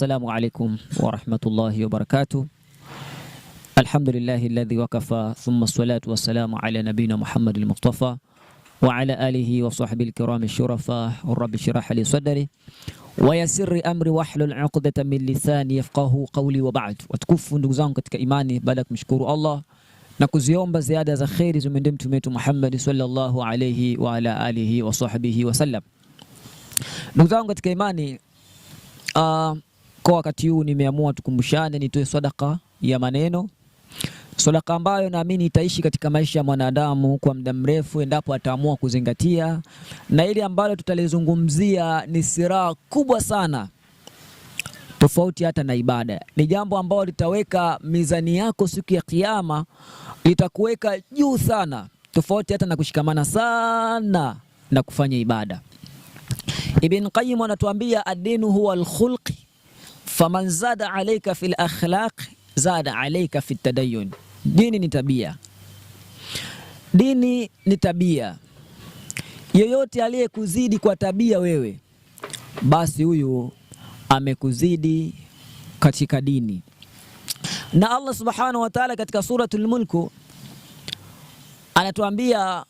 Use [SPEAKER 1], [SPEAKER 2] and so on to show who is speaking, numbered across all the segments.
[SPEAKER 1] السلام عليكم ورحمة الله وبركاته الحمد لله الذي وكفى ثم الصلاة والسلام على نبينا محمد المصطفى وعلى آله وصحبه الكرام الشرفاء رب اشرح لي صدري wayasiri amri wahlul uqdata min lisani yafqahu qawli wa ba'd. Watukufu ndugu zangu katika imani, baada ya kumshukuru Allah na kuziomba ziada za kheri zimwendee mtume wetu Muhammad sallallahu alayhi wa ala alihi wa sahbihi wasallam. Ndugu zangu katika imani, uh, Kwa wakati huu nimeamua tukumbushane, nitoe sadaka ya maneno, sadaka ambayo naamini itaishi katika maisha ya mwanadamu kwa muda mrefu endapo ataamua kuzingatia, na ili ambalo tutalizungumzia ni siraha kubwa sana tofauti hata na ibada. Ni jambo ambalo litaweka mizani yako siku ya Kiyama, litakuweka juu sana, tofauti hata na kushikamana sana na kufanya ibada. Ibn Qayyim anatuambia adinu huwa alkhulqi faman zada alayka fil akhlaq zada alaika fit tadayun. Dini ni tabia, dini ni tabia. Yeyote aliyekuzidi kwa tabia wewe, basi huyu amekuzidi katika dini. Na Allah subhanahu wa ta'ala katika suratul mulku anatuambia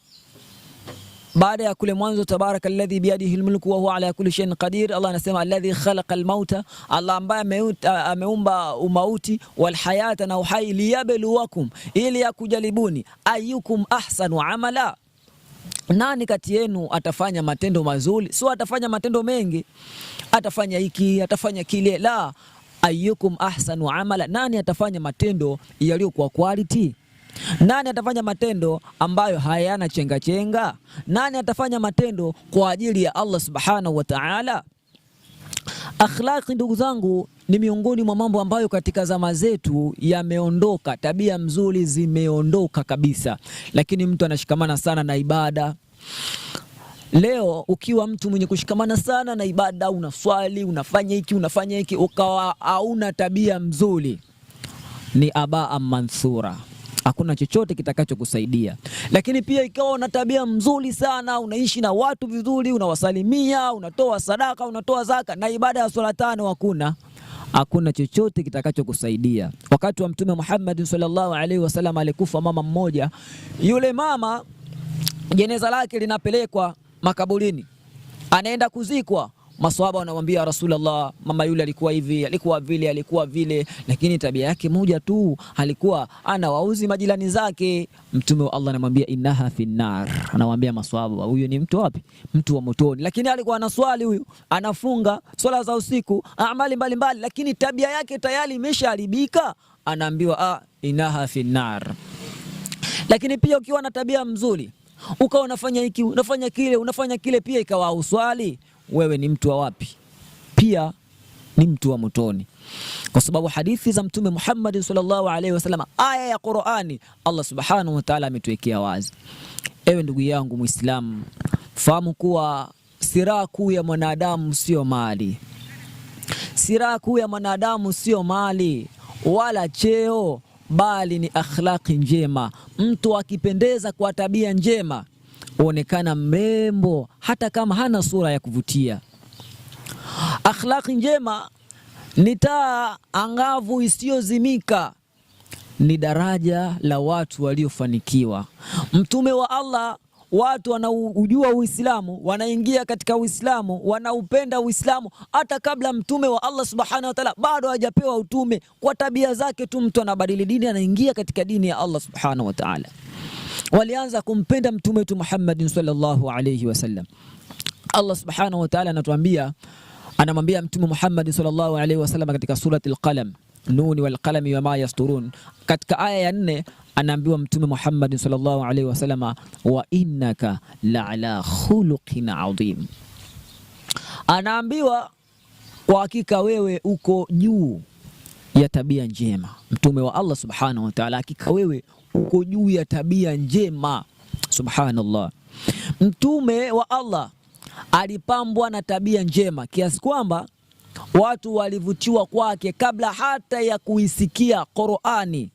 [SPEAKER 1] baada ya kule mwanzo, tabaraka alladhi biyadihi almulku wa huwa ala kulli shay'in qadir. Allah anasema alladhi khalaqa almauta, Allah ambaye ameumba umauti, wal hayata na uhai, liyabluwakum, ili yakujaribuni, ayukum ahsanu amala, nani kati yenu atafanya matendo mazuri. Sio atafanya matendo mengi, atafanya hiki, atafanya kile, la ayukum ahsanu amala, nani atafanya matendo yaliyokuwa quality nani atafanya matendo ambayo hayana chenga chenga? Nani atafanya matendo kwa ajili ya Allah subhanahu wa ta'ala? Akhlaqi, ndugu zangu, ni miongoni mwa mambo ambayo katika zama zetu yameondoka. Tabia mzuri zimeondoka kabisa, lakini mtu anashikamana sana na ibada. Leo ukiwa mtu mwenye kushikamana sana na ibada, unaswali, unafanya hiki, unafanya hiki, ukawa hauna tabia mzuri, ni abaa mansura hakuna chochote kitakachokusaidia. Lakini pia ikawa una tabia mzuri sana, unaishi na watu vizuri, unawasalimia, unatoa sadaka, unatoa zaka na ibada ya swala tano, hakuna hakuna chochote kitakachokusaidia. Wakati wa Mtume Muhammad sallallahu alaihi wasallam alikufa mama mmoja, yule mama jeneza lake linapelekwa makaburini, anaenda kuzikwa Maswahaba wanamwambia Rasulullah, mama yule alikuwa hivi, alikuwa vile, alikuwa vile, lakini tabia yake moja tu, alikuwa anawauzi majirani zake. Mtume wa Allah anamwambia innaha finnar, anamwambia maswahaba, huyu ni mtu wapi? Mtu wa motoni. Lakini alikuwa anaswali huyu, anafunga swala za usiku, amali mbalimbali, mbali, lakini tabia yake tayari imeshaharibika. Anaambiwa ah, innaha finnar. Lakini pia ukiwa na tabia mzuri ukawa unafanya hiki unafanya kile unafanya kile, pia ikawa uswali wewe ni mtu wa wapi? Pia ni mtu wa motoni, kwa sababu hadithi za Mtume Muhammad sallallahu alaihi wasallam, aya ya Qur'ani, Allah subhanahu wa ta'ala ametuwekea wazi. Ewe ndugu yangu Muislamu, fahamu kuwa siraha kuu ya mwanadamu sio mali. siraha kuu ya mwanadamu sio mali wala cheo, bali ni akhlaqi njema, mtu akipendeza kwa tabia njema huonekana mrembo hata kama hana sura ya kuvutia. Akhlaqi njema ni taa angavu isiyozimika, ni daraja la watu waliofanikiwa. Mtume wa Allah Watu wanaujua Uislamu, wanaingia katika Uislamu, wanaupenda Uislamu hata kabla mtume wa Allah subhanahu wa taala bado hajapewa utume. Kwa tabia zake tu mtu anabadili dini, anaingia katika dini ya Allah subhanahu wa taala walianza kumpenda mtume wetu Muhammadin sallallahu alayhi wasallam. Allah subhanahu wa ta'ala anatuambia, anamwambia mtume Muhammad sallallahu alayhi wasallam katika surati al-Qalam, nuni wal qalami wama yasturun, katika aya ya nne anaambiwa mtume Muhammad sallallahu alayhi wasallam, wa innaka la ala khuluqin adhim, anaambiwa kwa hakika wewe uko juu ya tabia njema. Mtume wa Allah subhanahu wa ta'ala, hakika wewe uko juu ya tabia njema. Subhanallah, mtume wa Allah alipambwa na tabia njema kiasi kwamba watu walivutiwa kwake kabla hata ya kuisikia Qur'ani,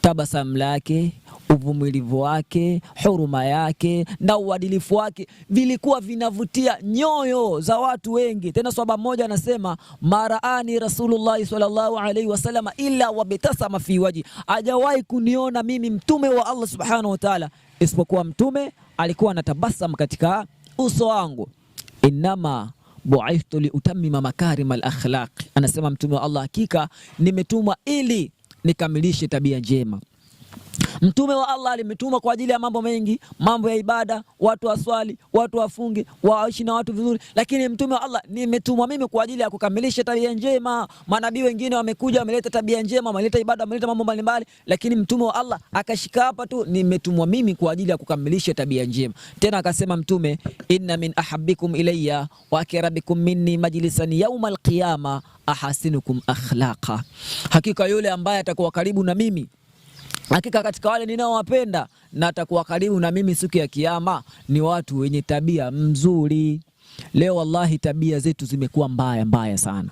[SPEAKER 1] tabasamu lake uvumilivu wake, huruma yake na uadilifu wake vilikuwa vinavutia nyoyo za watu wengi. Tena swaba mmoja anasema maraani Rasulullah sallallahu alaihi wasallam illa wabitasama fi waji, ajawahi kuniona mimi mtume wa Allah subhanahu wa ta'ala, isipokuwa mtume alikuwa anatabasam katika uso wangu. Innama bu'ithtu liutamima makarimal akhlaq, anasema mtume wa Allah, hakika nimetumwa ili nikamilishe tabia njema. Mtume wa Allah alimtuma kwa ajili ya mambo mengi, mambo ya ibada, watu waswali, watu wafunge, waishi na watu vizuri. Lakini mtume wa Allah, nimetumwa mimi kwa ajili ya kukamilisha tabia njema. Manabii wengine wamekuja, wameleta tabia njema, wameleta ibada, wameleta mambo mbalimbali, lakini mtume wa Allah akashika hapa tu, nimetumwa mimi kwa ajili ya kukamilisha tabia njema. Tena akasema mtume, inna min ahabbikum ilayya wa akrabikum minni majlisan yawm alqiyama ahasinukum akhlaqa, hakika yule ambaye atakuwa karibu na mimi Hakika katika wale ninaowapenda na atakuwa karibu na mimi siku ya Kiyama ni watu wenye tabia mzuri. Leo wallahi, tabia zetu zimekuwa mbaya mbaya sana.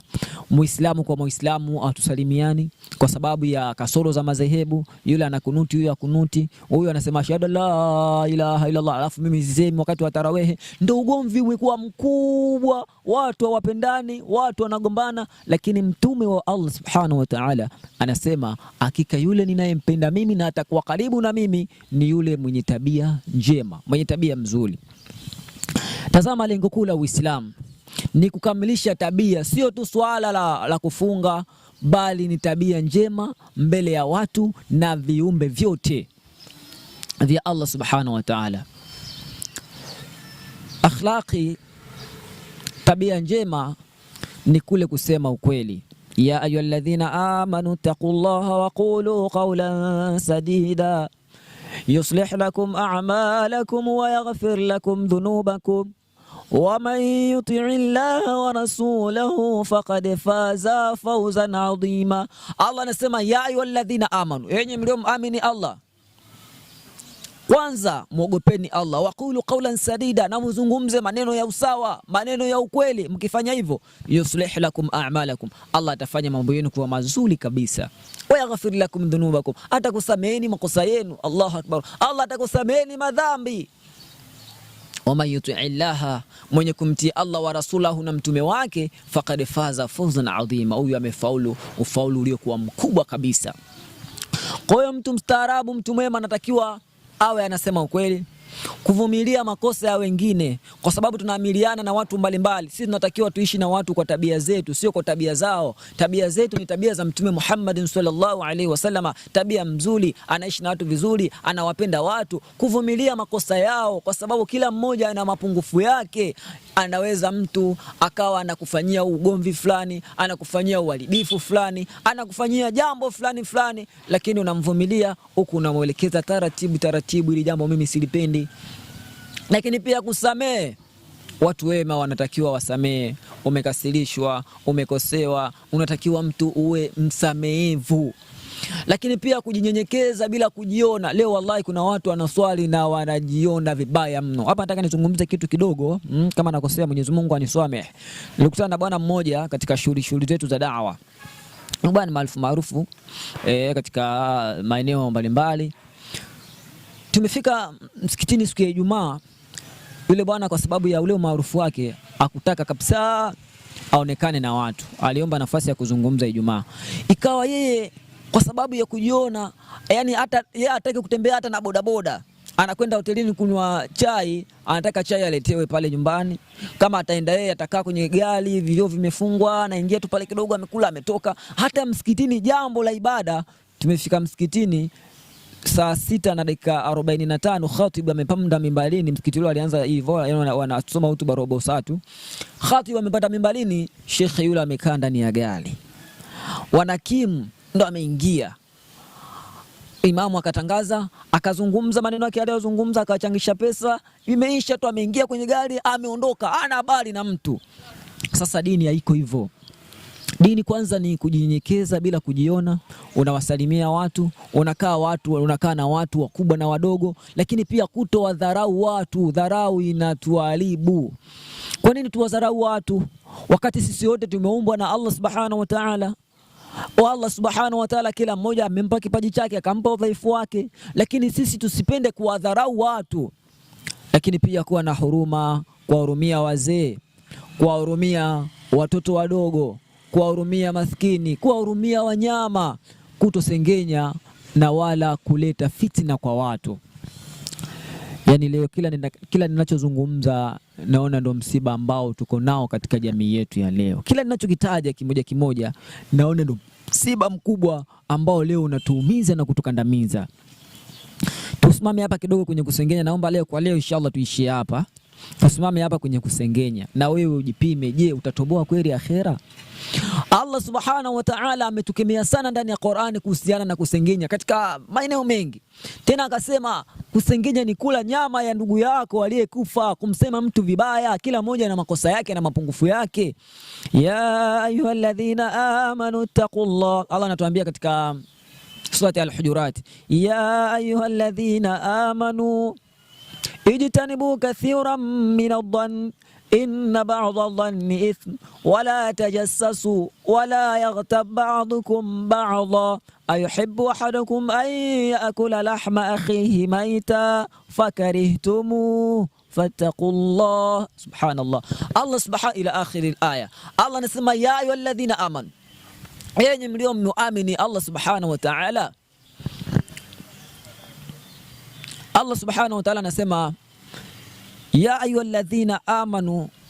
[SPEAKER 1] Muislamu kwa muislamu hatusalimiani kwa sababu ya kasoro za madhehebu. Yule anakunuti, huyu akunuti, huyu anasema shahada la ilaha illa Allah, alafu mimi sisemi wakati wa tarawehe. Ndio ugomvi umekuwa mkubwa, watu hawapendani, watu wanagombana. Lakini mtume wa Allah subhanahu wa ta'ala anasema, hakika yule ninayempenda mimi na atakuwa karibu na mimi ni yule mwenye tabia njema, mwenye tabia mzuri. Tazama, lengo kuu la Uislamu ni kukamilisha tabia, sio tu swala la, la kufunga, bali ni tabia njema mbele ya watu na viumbe vyote vya Allah subhanahu wa ta'ala. Akhlaqi, tabia njema ni kule kusema ukweli ya ayuha amanu taqullaha wa qulu qawlan sadida يصلح لكم أعمالكم ويغفر لكم ذنوبكم ومن يطع الله ورسوله فقد فاز فوزا عظيما الله نسمع يا أيها الذين آمنوا يعني إيه مريم آمني الله Kwanza mwogopeni Allah, waqulu qawlan sadida, na muzungumze maneno ya usawa, maneno ya ukweli. Mkifanya hivyo, yuslih lakum a'malakum, Allah atafanya mambo yenu kuwa mazuri kabisa. Wa yaghfir lakum dhunubakum, atakusameheni makosa yenu. Allahu akbar, Allah atakusameheni madhambi. Wa Waman yutii Allah, mwenye kumtii Allah wa rasulahu, na mtume wake, faqad faza fawzan adhima, huyu amefaulu ufaulu uliokuwa mkubwa kabisa. Kwa hiyo mtu mstaarabu, mtu mwema anatakiwa Ao é na Semão Coelho. kuvumilia makosa ya wengine, kwa sababu tunaamiliana na watu mbalimbali. Sisi tunatakiwa tuishi na watu kwa tabia zetu, sio kwa tabia zao. Tabia zetu ni tabia za Mtume Muhammad sallallahu alaihi wasallam, tabia mzuri, anaishi na watu vizuri, anawapenda watu, kuvumilia makosa yao, kwa sababu kila mmoja ana mapungufu yake. Anaweza mtu akawa anakufanyia ugomvi fulani, anakufanyia uharibifu fulani, anakufanyia jambo fulani fulani, lakini unamvumilia huku unamwelekeza taratibu taratibu, ili jambo mimi silipendi lakini pia kusamehe. Watu wema wanatakiwa wasamehe. Umekasirishwa, umekosewa, unatakiwa mtu uwe msamehevu lakini pia kujinyenyekeza bila kujiona. Leo wallahi, kuna watu wanaswali na wanajiona vibaya mno. Hapa nataka nizungumze kitu kidogo mm, kama nakosea Mwenyezi Mungu aniswame. Nilikutana na bwana mmoja katika shughuli shughuli zetu za dawa, bwana maarufu maarufu e, katika maeneo mbalimbali Tumefika msikitini siku ya Ijumaa, yule bwana kwa sababu ya ule umaarufu wake akutaka kabisa aonekane na watu, aliomba nafasi ya kuzungumza Ijumaa. Ikawa yeye kwa sababu ya kujiona, yani hata yeye hataki kutembea hata na bodaboda anakwenda hotelini kunywa chai, anataka chai aletewe pale nyumbani. Kama ataenda yeye, atakaa kwenye gari, vioo vimefungwa, anaingia tu pale kidogo, amekula, ametoka. Hata msikitini, jambo la ibada, tumefika msikitini saa sita na dakika arobaini na tano khatib amepanda mimbalini. Msikiti ule alianza hivyo, yaani wanasoma hutuba robo saa tu. Khatib amepanda mimbalini, shekhe yule amekaa ndani ya gari, wanakimu ndo ameingia Imamu akatangaza akazungumza maneno yake aliyozungumza, akawachangisha pesa, imeisha tu, ameingia kwenye gari, ameondoka, ana habari na mtu. Sasa dini haiko hivyo. Dini kwanza ni kujinyenyekeza bila kujiona, unawasalimia watu, unakaa watu, unakaa na watu wakubwa na wadogo, lakini pia kutowadharau watu. Dharau inatuharibu. Kwa nini tuwadharau watu wakati sisi wote tumeumbwa na Allah subhanahu wa ta'ala? Allah subhanahu wa ta'ala, kila mmoja amempa kipaji chake, akampa udhaifu wake, lakini sisi tusipende kuwadharau watu, lakini pia kuwa na huruma, kuwahurumia wazee, kuwahurumia watoto wadogo kuwahurumia maskini, kuwahurumia wanyama, kutosengenya na wala kuleta fitina kwa watu. Yaani leo kila ninachozungumza naona ndo msiba ambao tuko nao katika jamii yetu ya leo. Kila ninachokitaja kimoja kimoja naona ndo msiba mkubwa ambao leo unatuumiza na kutukandamiza. Tusimame hapa kidogo kwenye kusengenya, naomba leo kwa leo inshallah tuishie hapa. Usimame hapa kwenye kusengenya, na wewe ujipime. Je, utatoboa kweli akhera? Allah subhanahu wa ta'ala ametukemea sana ndani ya Qur'ani kuhusiana na kusengenya katika maeneo mengi. Tena akasema kusengenya ni kula nyama ya ndugu yako aliyekufa, kumsema mtu vibaya, kila mmoja na makosa yake na mapungufu yake. Ya ayyuhalladhina amanu taqullah, Allah anatuambia katika surati Al-Hujurat, ya ayyuhalladhina amanu اجتنبوا كثيرا من الظن إن بعض الظن إثم ولا تجسسوا ولا يغتب بعضكم بعضا أيحب أحدكم أن يأكل لحم أخيه ميتا فكرهتموه فاتقوا الله سبحان الله الله سبحانه إلى آخر الآية الله نسمى يا أيها الذين آمنوا يعني مليون نؤمن الله سبحانه وتعالى Allah subhanahu wa ta'ala anasema ya ayuha alladhina amanu